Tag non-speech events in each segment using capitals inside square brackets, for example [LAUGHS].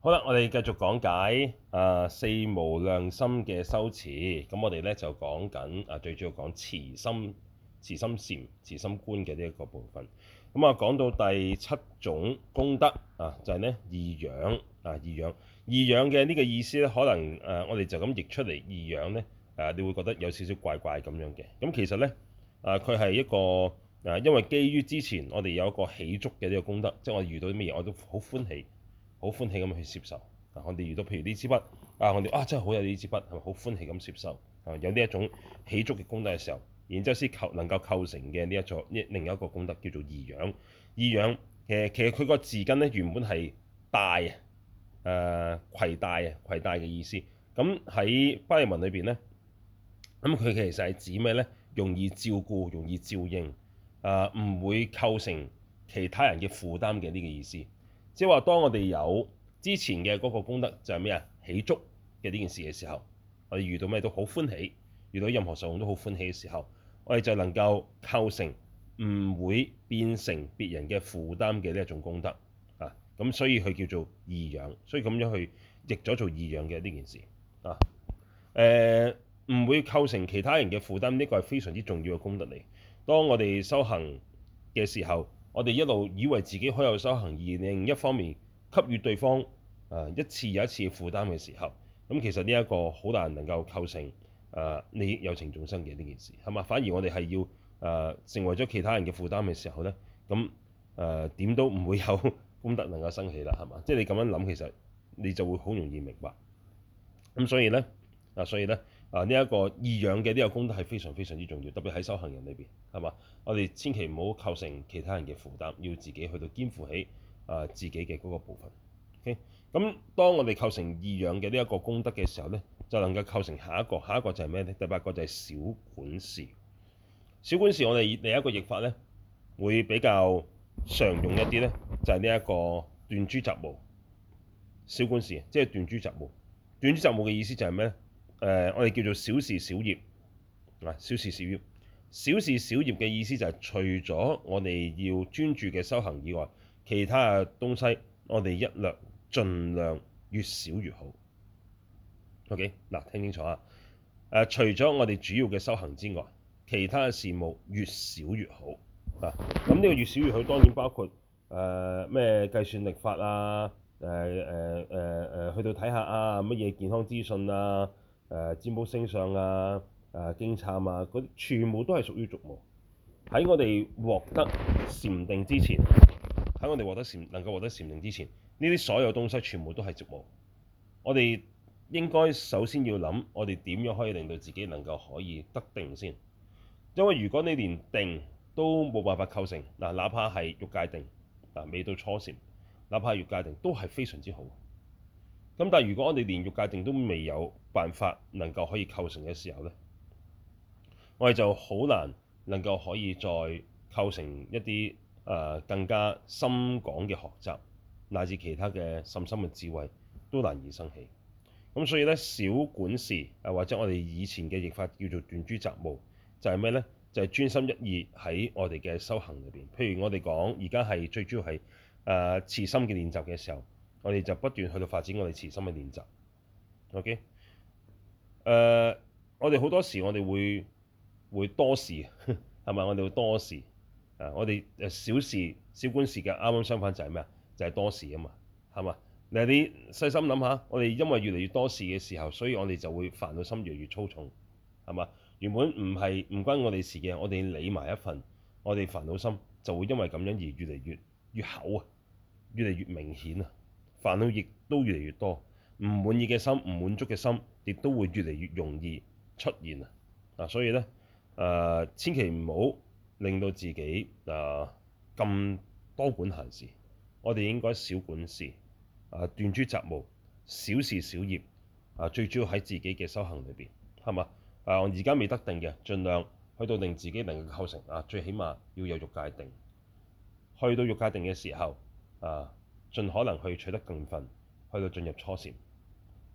好啦，我哋繼續講解啊、呃，四無量心嘅修持。咁我哋咧就講緊啊，最主要講慈心、慈心禪、慈心觀嘅呢一個部分。咁啊，講到第七種功德啊，就係、是、呢異養啊，異養。異養嘅呢個意思咧，可能誒、啊、我哋就咁譯出嚟異養呢，誒、啊、你會覺得有少少怪怪咁樣嘅。咁其實呢，啊，佢係一個啊，因為基於之前我哋有一個喜足嘅呢個功德，即係我遇到啲咩嘢我都好歡喜。好歡喜咁去接受，啊！我哋遇到譬如呢支筆，啊！我哋啊真係好有呢支筆，係咪好歡喜咁接受？啊！有呢一種起足嘅功德嘅時候，然之後先構能夠構成嘅呢一座一另一個功德叫做易養。易養其實其實佢個字根呢，原本係大，呃，啊，誒攜帶啊攜帶嘅意思。咁喺巴利文裏邊呢，咁佢其實係指咩呢？容易照顧，容易照應，啊、呃、唔會構成其他人嘅負擔嘅呢個意思。即係話，當我哋有之前嘅嗰個功德，就係咩啊？起足嘅呢件事嘅時候，我哋遇到咩都好歡喜，遇到任何受用都好歡喜嘅時候，我哋就能夠構成唔會變成別人嘅負擔嘅呢一種功德啊。咁所以佢叫做易養，所以咁樣去譯咗做易養嘅呢件事啊。誒、呃，唔會構成其他人嘅負擔，呢、呢個係非常之重要嘅功德嚟。當我哋修行嘅時候，我哋一路以為自己可有修行，而另一方面給予對方誒、呃、一次又一次負擔嘅時候，咁其實呢一個好難能夠構成誒、呃、你有情眾生嘅呢件事係嘛？反而我哋係要誒、呃、成為咗其他人嘅負擔嘅時候呢，咁誒點都唔會有功德能夠生起啦，係嘛？即、就、係、是、你咁樣諗，其實你就會好容易明白。咁所以呢。啊所以呢。啊！呢一個易養嘅呢個功德係非常非常之重要，特別喺修行人裏邊係嘛。我哋千祈唔好構成其他人嘅負擔，要自己去到肩負起啊自己嘅嗰個部分。OK，咁當我哋構成易養嘅呢一個功德嘅時候呢，就能夠構成下一個，下一個就係咩呢？第八個就係小管事。小管事我哋另一個譯法呢，會比較常用一啲呢，就係呢一個斷珠雜務小管事，即係斷珠雜務。斷珠雜務嘅意思就係咩咧？誒、呃，我哋叫做小事小業，嗱，小事小業，小事小業嘅意思就係除咗我哋要專注嘅修行以外，其他嘅東西我哋一律盡量越少越好。OK，嗱、呃，聽清楚啊！呃、除咗我哋主要嘅修行之外，其他嘅事務越少越好啊。咁、呃、呢個越少越好當然包括誒咩計算力法啊，誒誒誒去到睇下啊乜嘢健康資訊啊。誒、呃、占星相啊、誒經懺啊，嗰啲全部都係屬於俗務。喺我哋獲得禪定之前，喺我哋獲得禪能夠獲得禪定之前，呢啲所有東西全部都係俗務。我哋應該首先要諗，我哋點樣可以令到自己能夠可以得定先。因為如果你連定都冇辦法構成，嗱、哪怕係欲界定，嗱、啊、未到初禪，哪怕係欲界定都係非常之好。咁但係如果我哋連欲界定都未有辦法能夠可以構成嘅時候咧，我哋就好難能夠可以再構成一啲誒、呃、更加深廣嘅學習，乃至其他嘅甚深嘅智慧都難以生起。咁所以咧，小管事啊，或者我哋以前嘅譯法叫做斷諸雜務，就係咩咧？就係、是、專心一意喺我哋嘅修行裏邊。譬如我哋講而家係最主要係誒慈心嘅練習嘅時候。我哋就不斷去到發展我哋慈心嘅練習。OK，誒、uh，我哋好多時我哋會會多事係咪？ [LAUGHS] 我哋會多事啊！Uh, 我哋誒小事小官事嘅，啱啱相反就係咩啊？就係、是、多事啊嘛，係嘛？你啲細心諗下，我哋因為越嚟越多事嘅時候，所以我哋就會煩惱心越嚟越粗重，係嘛？原本唔係唔關我哋事嘅，我哋理埋一份，我哋煩惱心就會因為咁樣而越嚟越越厚啊，越嚟越明顯啊！煩惱亦都越嚟越多，唔滿意嘅心、唔滿足嘅心，亦都會越嚟越容易出現啊！啊，所以咧，誒、啊，千祈唔好令到自己誒咁、啊、多管閒事。我哋應該少管事，誒、啊，斷諸雜務，小事小業。誒、啊，最主要喺自己嘅修行裏邊，係嘛？誒、啊，而家未得定嘅，盡量去到令自己能夠構成啊，最起碼要有欲界定。去到欲界定嘅時候，啊！盡可能去取得更進，去到進入初禪。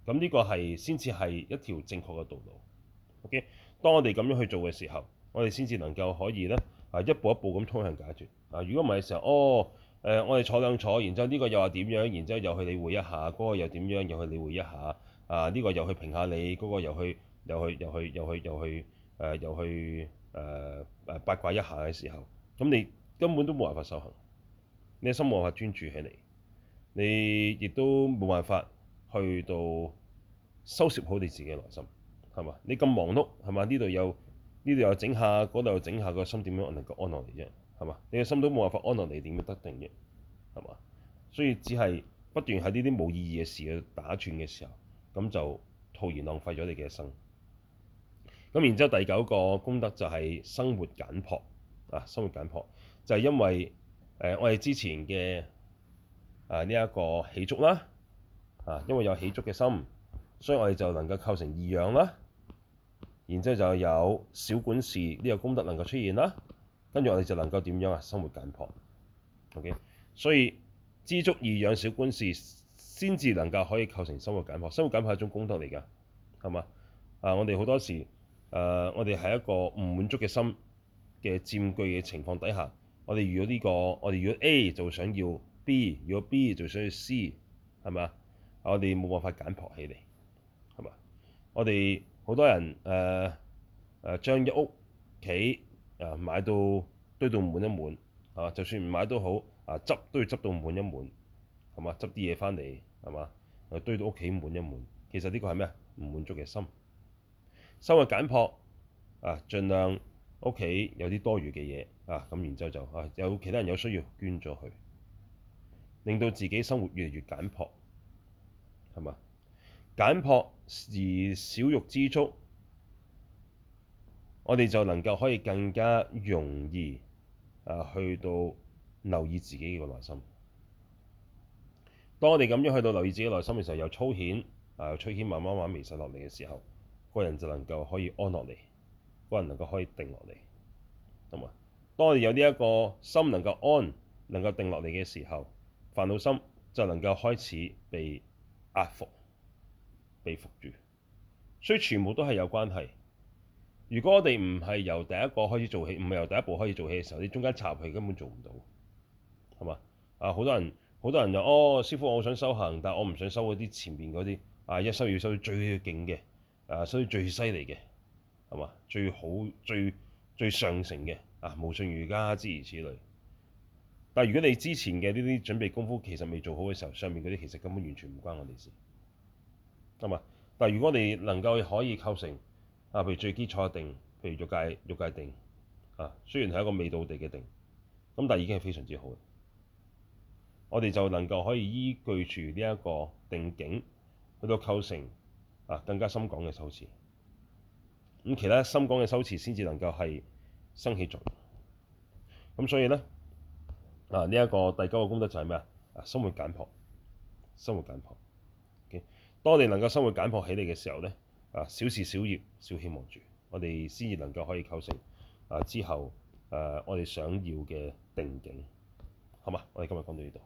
咁呢個係先至係一條正確嘅道路。OK，當我哋咁樣去做嘅時候，我哋先至能夠可以呢啊一步一步咁衝向解決。啊，如果唔係嘅時候，哦誒、呃，我哋坐兩坐，然之後呢個又話點樣，然之後又去理會一下，嗰、那個又點樣，又去理會一下。啊，呢、這個又去評下你，嗰、那個又去又去又去又去又去誒又去誒誒八卦一下嘅時候，咁你根本都冇辦法修行，你心冇法專注起嚟。你亦都冇辦法去到收攝好你自己嘅內心，係嘛？你咁忙碌，係嘛？呢度有呢度又整下，嗰度又整下，個心點樣能夠安落嚟啫？係嘛？你嘅心都冇辦法安落嚟，點得定啫？係嘛？所以只係不斷喺呢啲冇意義嘅事去打轉嘅時候，咁就徒然浪費咗你嘅一生。咁然之後第九個功德就係生活簡樸啊！生活簡樸就係、是、因為誒、呃、我哋之前嘅。係呢一個喜足啦，啊，因為有喜足嘅心，所以我哋就能夠構成易養啦。然之後就有小管事呢個功德能夠出現啦。跟住我哋就能夠點樣啊？生活簡樸。OK，所以知足易養小管事先至能夠可以構成生活簡樸。生活簡樸係一種功德嚟㗎，係嘛？啊，我哋好多時誒、呃，我哋係一個唔滿足嘅心嘅佔據嘅情況底下，我哋如果呢、這個我哋如果 A 就想要。B，如果 B 就需要 C 係嘛？我哋冇辦法簡樸起嚟係嘛？我哋好多人誒誒、呃呃、將一屋企啊買到堆到滿一滿啊，就算唔買都好啊，執都要執到滿一滿係嘛？執啲嘢翻嚟係嘛？啊，堆到屋企滿一滿，其實呢個係咩？唔滿足嘅心，生活簡樸啊，儘量屋企有啲多餘嘅嘢啊，咁然之後就啊有其他人有需要捐咗佢。令到自己生活越嚟越簡樸，係嘛？簡樸而少欲知足，我哋就能夠可以更加容易啊去到留意自己嘅內心。當我哋咁樣去到留意自己內心嘅時候，又粗顯啊，又粗顯，慢慢慢慢微細落嚟嘅時候，個人就能夠可以安落嚟，個人能夠可以定落嚟，係嘛？當我哋有呢一個心能夠安、能夠定落嚟嘅時候。煩惱心就能夠開始被壓服、被服住，所以全部都係有關係。如果我哋唔係由第一個開始做起，唔係由第一步開始做起嘅時候，你中間插佢根本做唔到，係嘛？啊，好多人，好多人就哦，師父，我想修行，但係我唔想修嗰啲前面嗰啲啊，一修要修到最勁嘅，啊，修到最犀利嘅，係嘛？最好、最、最上乘嘅啊，無上瑜伽諸如此類。但係，如果你之前嘅呢啲準備功夫其實未做好嘅時候，上面嗰啲其實根本完全唔關我哋事，啱嘛？但係如果你能夠可以構成啊，譬如最基礎嘅定，譬如欲界欲界定啊，雖然係一個未到地嘅定，咁但係已經係非常之好。我哋就能夠可以依據住呢一個定境去到構成啊更加深講嘅修持。咁其他深講嘅修持先至能夠係生起作用。咁所以咧。嗱、啊，呢、這、一個第九個功德就係咩啊？啊，生活簡樸，生活簡樸。OK，當你能夠生活簡樸起嚟嘅時候咧，啊，少事少業，少希望住，我哋先至能夠可以構成啊之後，誒、啊，我哋想要嘅定境。好嘛，我哋今日講到呢度。